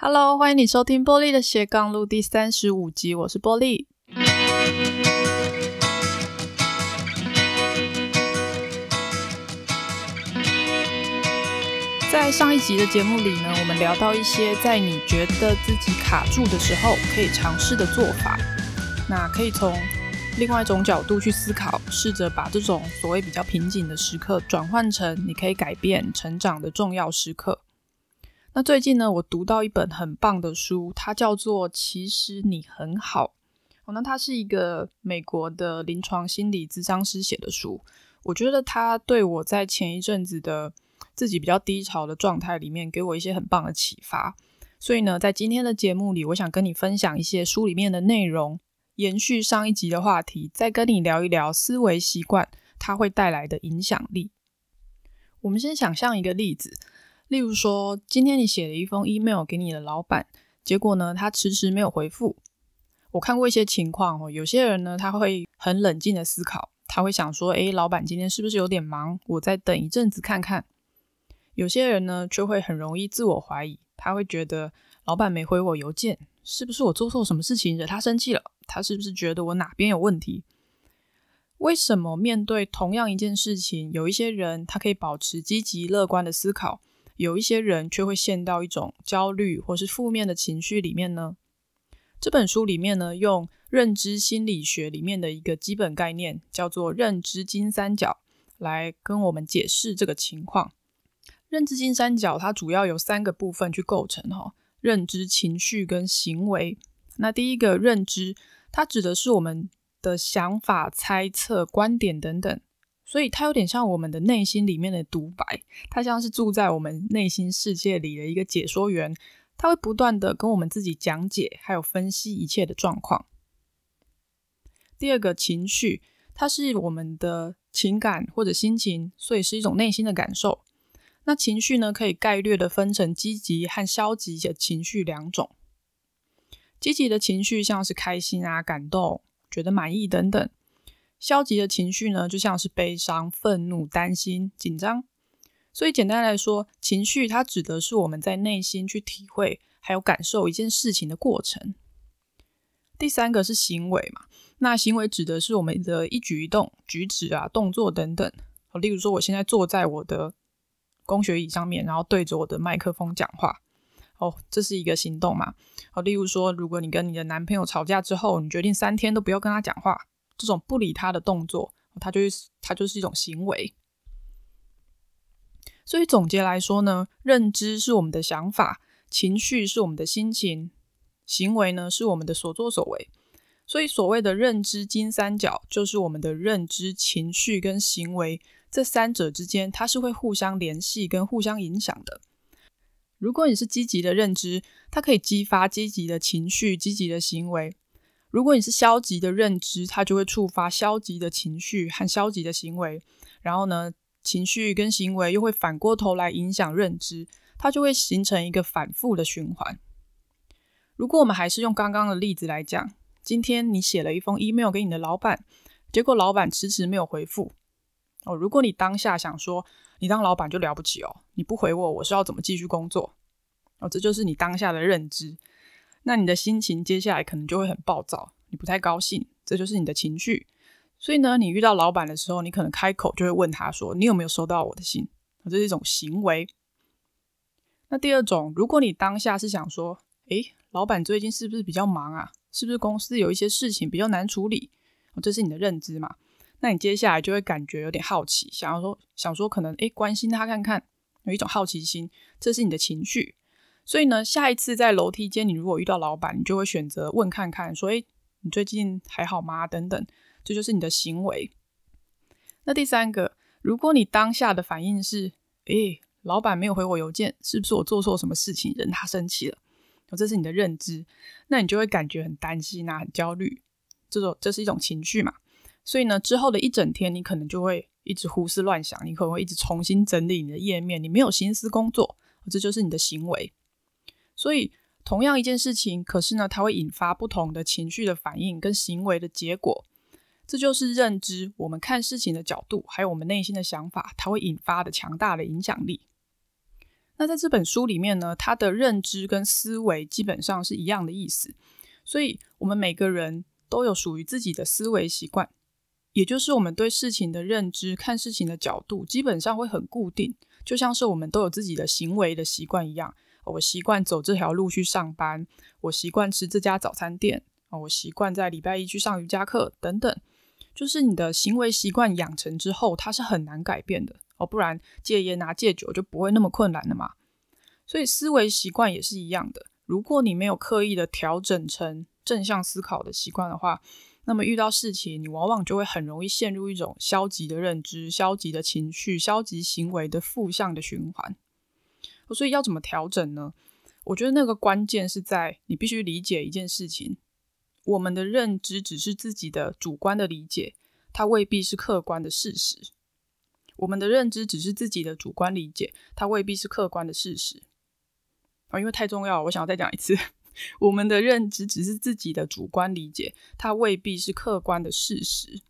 哈囉，歡迎你收聽波莉的斜槓路第三十五集，我是波莉。 在上一集的節目裡呢，我們聊到一些在你覺得自己卡住的時候可以嘗試的做法，那可以從另外一種角度去思考，試着把這種所謂比較瓶頸的時刻，轉換成你可以改變、成長的重要時刻。那最近呢，我讀到一本很棒的書，它叫做《其實你很好》。哦，那它是一個美國的臨床心理諮商師寫的書。我覺得它對我在前一陣子的自己比較低潮的狀態裡面，給我一些很棒的啟發。所以呢，在今天的節目裡，我想跟你分享一些書裡面的內容，延續上一集的話題，再跟你聊一聊思維習慣它會帶來的影響力。我們先想象一個例子。例如說，今天你寫了一封 email 給你的老板，結果呢，他遲遲沒有回復。我看過一些情況哦，有些人呢，他會很冷靜的思考，他會想說：“誒，老板今天是不是有點忙？我再等一陣子看看。”有些人呢，卻會很容易自我懷疑，他會覺得老板沒回我郵件，是不是我做錯什麼事情惹他生氣了？他是不是覺得我哪邊有問題？為什麼面對同樣一件事情，有一些人他可以保持積極樂觀的思考？有一些人卻會陷到一種焦慮或是負面的情緒裡面呢？這本書裡面呢，用認知心理學裡面的一個基本概念，叫做認知金三角，來跟我們解釋這個情況。認知金三角它主要有三個部分去構成哈，認知、情緒跟行為。那第一個認知，它指的是我們的想法、猜測、觀點等等。所以它有點像我們的內心裡面的獨白，它像是住在我們內心世界裡的一個解說員，它會不斷的跟我們自己講解，還有分析一切的狀況。第二個情緒，它是我們的情感或者心情，所以是一種內心的感受。那情緒呢，可以概略的分成積極和消極的情緒兩種。積極的情緒像是開心啊、感動、覺得滿意等等。消極的情緒呢，就像是悲傷、憤怒、擔心、緊張。所以簡單來說，情緒它指的是我們在內心去體會還有感受一件事情的過程。第三個是行為嘛，那行為指的是我們的一舉一動、舉止啊、動作等等。好，例如說，我現在坐在我的工學椅上面，然後對着我的麥克風講話，哦，這是一個行動嘛。好，例如說，如果你跟你的男朋友吵架之後，你決定三天都不要跟他講話。這種不理他的動作，他就是、他就是一種行為。所以總結來說呢，認知是我們的想法，情緒是我們的心情，行為呢是我們的所作所為。所以所謂的認知金三角，就是我們的認知、情緒跟行為這三者之間，它是會互相聯繫跟互相影響的。如果你是積極的認知，它可以激發積極的情緒、積極的行為。如果你是消極的認知，它就會觸發消極的情緒和消極的行為，然後呢，情緒跟行為又會反過頭來影響認知，它就會形成一個反覆的循環。如果我們還是用剛剛的例子來講，今天你寫了一封 email 給你的老板，結果老板遲遲沒有回覆哦。如果你當下想說，你當老板就了不起哦，你不回我，我是要怎麼繼續工作？哦，這就是你當下的認知。那你的心情接下來可能就會很暴躁，你不太高興，這就是你的情緒。所以呢，你遇到老板的時候，你可能開口就會問他說：“你有沒有收到我的信？”這是一種行為。那第二種，如果你當下是想說：“誒，老板最近是不是比較忙啊？是不是公司有一些事情比較難處理？”這是你的認知嘛。那你接下來就會感覺有點好奇，想要說想說可能誒，關心他看看，有一種好奇心，這是你的情緒。所以呢，下一次在樓梯間，你如果遇到老闆，你就會選擇問看看，“所以你最近還好嗎？”等等，這就是你的行為。那第三個，如果你當下的反應是：“誒，老闆沒有回我郵件，是不是我做錯什麼事情，惹他生氣了？”這是你的認知，那你就會感覺很擔心吶、啊，很焦慮，這種這是一種情緒嘛。所以呢，之後的一整天，你可能就會一直胡思亂想，你可能會一直重新整理你的頁面，你沒有心思工作，這就是你的行為。所以，同樣一件事情，可是呢，它會引發不同的情緒的反應跟行為的結果。這就是認知，我們看事情的角度，還有我們內心的想法，它會引發的強大的影響力。那在這本書裡面呢，它的認知跟思維基本上是一樣的意思。所以，我們每個人都有屬於自己的思維習慣，也就是我們對事情的認知、看事情的角度，基本上會很固定，就像是我們都有自己的行為的習慣一樣。我習慣走這條路去上班，我習慣吃這家早餐店，我習慣在禮拜一去上瑜伽課等等，就是你的行為習慣養成之後，它是很難改變的哦，不然戒煙拿戒酒就不會那麼困難了嘛。所以思維習慣也是一樣的，如果你沒有刻意的調整成正向思考的習慣的話，那麼遇到事情你往往就會很容易陷入一種消極的認知、消極的情緒、消極行為的負向的循環。所以要怎麼調整呢？我覺得那個關鍵是在你必須理解一件事情：我們的認知只是自己的主觀的理解，它未必是客觀的事實。我們的認知只是自己的主觀理解，它未必是客觀的事實。啊、哦，因為太重要了，我想要再講一次： 我們的認知只是自己的主觀理解，它未必是客觀的事實。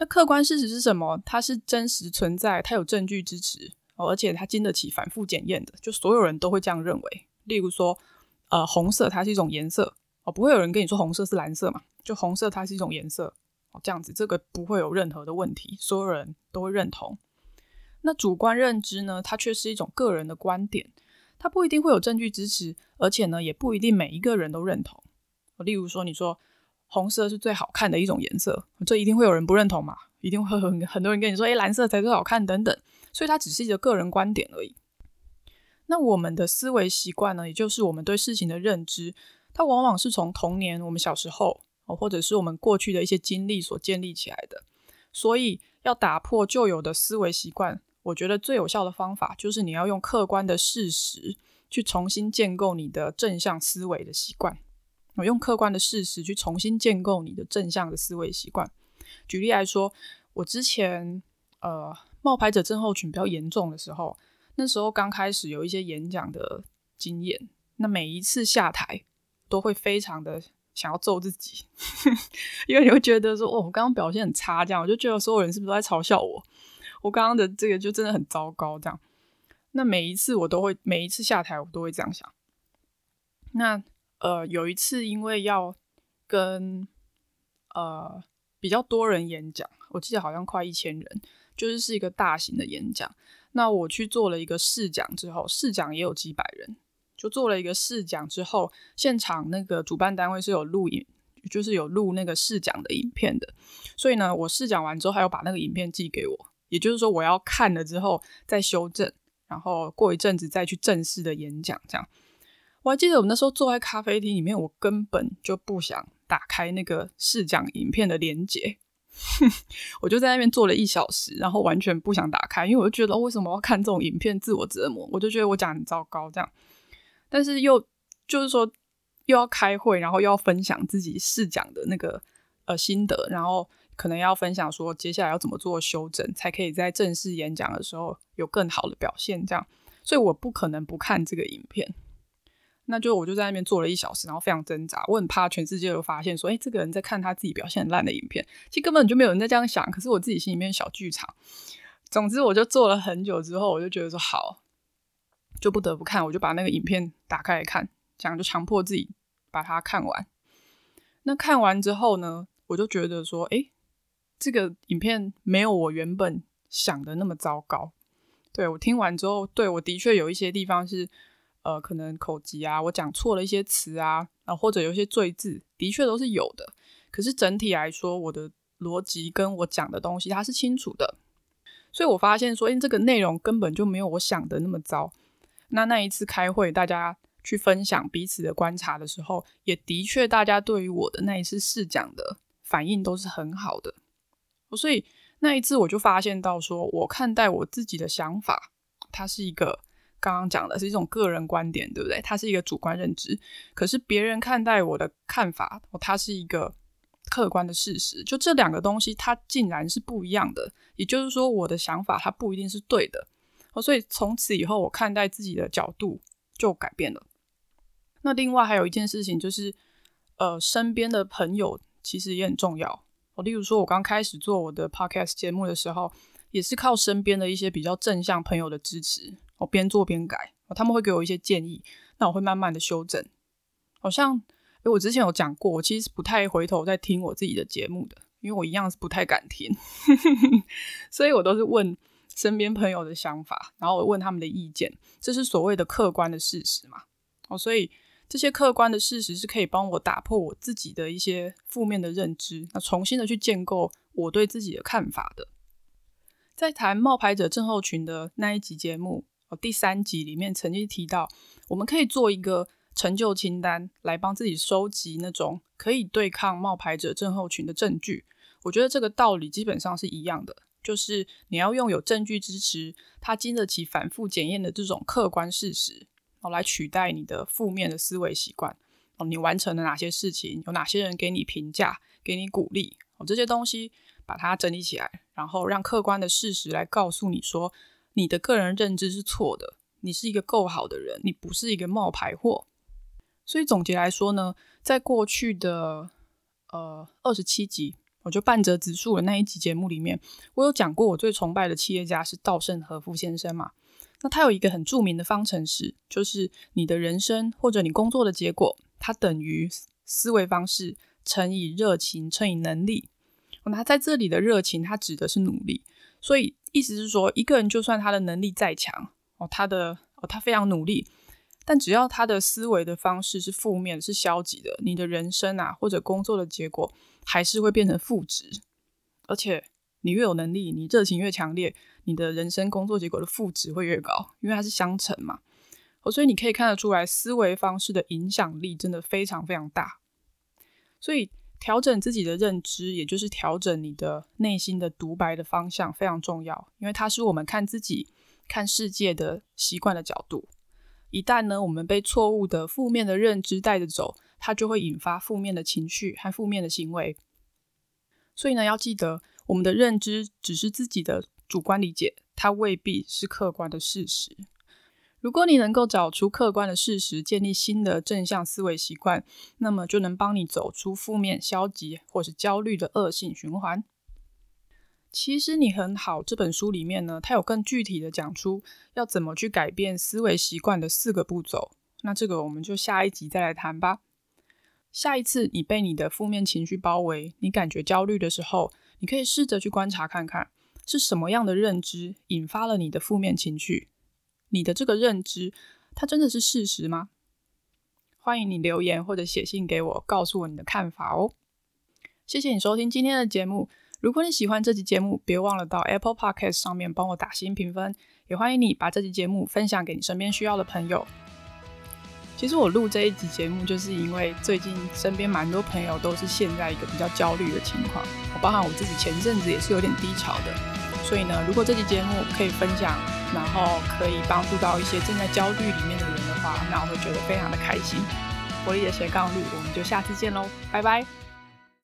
那客觀事實是什麼？它是真實存在，它有證據支持。哦，而且它經得起反覆檢驗的，就所有人都會這樣認為。例如說，呃，紅色它是一種顏色，哦，不會有人跟你說紅色是藍色嘛？就紅色它是一種顏色，哦，這樣子這個不會有任何的問題，所有人都會認同。那主觀認知呢？它卻是一種個人的觀點，它不一定會有證據支持，而且呢，也不一定每一個人都認同。哦，例如說，你說紅色是最好看的一種顏色，這一定會有人不認同嘛？一定會很很多人跟你說，哎，欸，藍色才最好看等等。所以它只是一個個人觀點而已。那我們的思維習慣呢，也就是我們對事情的認知，它往往是從童年、我們小時候，或者是我們過去的一些經歷所建立起來的。所以要打破舊有的思維習慣，我覺得最有效的方法就是你要用客觀的事實去重新建構你的正向思維的習慣。我用客觀的事實去重新建構你的正向的思維習慣。舉例來說，我之前，呃。冒牌者症候群比較嚴重的時候，那時候剛開始有一些演講的經驗，那每一次下台都會非常的想要揍自己， 因為你會覺得說，哦，我剛剛表現很差，這樣我就覺得所有人是不是都在嘲笑我？我剛剛的這個就真的很糟糕，這樣。那每一次我都會，每一次下台我都會這樣想。那呃，有一次因為要跟呃比較多人演講，我記得好像快一千人。就是、是一個大型的演講，那我去做了一個試講之後，試講也有幾百人，就做了一個試講之後，現場那個主辦單位是有錄影，就是有錄那個試講的影片的，所以呢，我試講完之後，還要把那個影片寄給我，也就是說我要看了之後再修正，然後過一陣子再去正式的演講。這樣，我還記得我們那時候坐在咖啡廳裡面，我根本就不想打開那個試講影片的連結。哼， 我就在那邊坐了一小時，然後完全不想打開，因為我就覺得，哦，為什麼要看這種影片自我折磨？我就覺得我講很糟糕，這樣。但是又就是說，又要開會，然後又要分享自己試講的那個呃心得，然後可能要分享說接下來要怎麼做修整，才可以在正式演講的時候有更好的表現。這樣，所以我不可能不看這個影片。那就我就在那邊坐了一小時，然後非常掙扎，我很怕全世界都發現，說，誒，這個人在看他自己表現很爛的影片，其實根本就沒有人在這樣想。可是我自己心裡面小劇場。總之我就坐了很久之後，我就覺得說好，就不得不看，我就把那個影片打開來看，想就強迫自己把它看完。那看完之後呢，我就覺得說，誒，這個影片沒有我原本想得那麼糟糕。對，我聽完之後，對，我的確有一些地方是。呃，可能口疾啊，我講錯了一些詞啊，呃，或者有些贅字，的確都是有的。可是整體來說，我的邏輯跟我講的東西它是清楚的，所以我發現說，哎，這個內容根本就沒有我想的那麼糟。那那一次開會，大家去分享彼此的觀察的時候，也的確大家對於我的那一次試講的反應都是很好的。所以那一次我就發現到說，說我看待我自己的想法，它是一個。剛剛講的是一種個人觀點，對不對？它是一個主觀認知。可是別人看待我的看法，它是一個客觀的事實。就這兩個東西，它竟然是不一樣的。也就是說，我的想法它不一定是對的。所以從此以後，我看待自己的角度就改變了。那另外還有一件事情就是，呃，身邊的朋友其實也很重要。例如說我剛開始做我的 podcast 節目的時候，也是靠身邊的一些比較正向朋友的支持。我、哦、邊做邊改，他們會給我一些建議，那我會慢慢的修正。好像誒、欸、我之前有講過，我其實不太回頭在聽我自己的節目的，因為我一樣是不太敢聽， 所以我都是問身邊朋友的想法，然後我問他們的意見，這是所謂的客觀的事實嘛。哦，所以這些客觀的事實是可以幫我打破我自己的一些負面的認知，那重新的去建構我對自己的看法的。在談冒牌者症候群的那一集節目。哦，第三集裡面曾經提到，我們可以做一個成就清單來幫自己收集那種可以對抗冒牌者症候群的證據。我覺得這個道理基本上是一樣的，就是你要用有證據支持、它經得起反復檢驗的這種客觀事實，哦，來取代你的負面的思維習慣。哦，你完成了哪些事情？有哪些人給你評價、給你鼓勵？哦，這些東西把它整理起來，然後讓客觀的事實來告訴你說。你的個人認知是錯的，你是一個夠好的人，你不是一個冒牌貨。所以總結來說呢，在過去的呃二十七集，我就半折指數的那一集節目裡面，我有講過，我最崇拜的企業家是稻盛和夫先生嘛。那他有一個很著名的方程式，就是你的人生或者你工作的結果，它等於思維方式乘以熱情乘以能力。那、嗯、在這裡的熱情，它指的是努力，所以。意思是說，一個人就算他的能力再強哦，他的哦他非常努力，但只要他的思維的方式是負面、是消極的，你的人生啊或者工作的結果還是會變成負值。而且你越有能力，你熱情越強烈，你的人生工作結果的負值會越高，因為它是相乘嘛。哦，所以你可以看得出來，思維方式的影響力真的非常非常大。所以。調整自己的認知，也就是調整你的內心的獨白的方向，非常重要。因為它是我們看自己、看世界的習慣的角度。一旦呢，我們被錯誤的、負面的認知帶着走，它就會引發負面的情緒和負面的行為。所以呢，要記得，我們的認知只是自己的主觀理解，它未必是客觀的事實。如果你能夠找出客觀的事實，建立新的正向思維習慣，那麼就能幫你走出負面、消極或是焦慮的惡性循環。其實你很好，這本書裡面呢，它有更具體的講出要怎麼去改變思維習慣的四個步驟。那這個我們就下一集再來談吧。下一次你被你的負面情緒包圍，你感覺焦慮的時候，你可以試着去觀察看看，是什麼樣的認知引發了你的負面情緒。你的這個認知，它真的是事實嗎？歡迎你留言或者寫信給我，告訴我你的看法哦。謝謝你收聽今天的節目。如果你喜歡這期節目，別忘了到 Apple Podcast 上面幫我打星評分。也歡迎你把這期節目分享給你身邊需要的朋友。其實我錄這一集節目，就是因為最近身邊蠻多朋友都是陷在一個比較焦慮的情況，包含我自己前陣子也是有點低潮的。所以呢，如果這期節目可以分享，然後可以幫助到一些正在焦慮裡面的人的話，那我會覺得非常的開心。波莉的斜槓路，我們就下次見嘍，拜拜。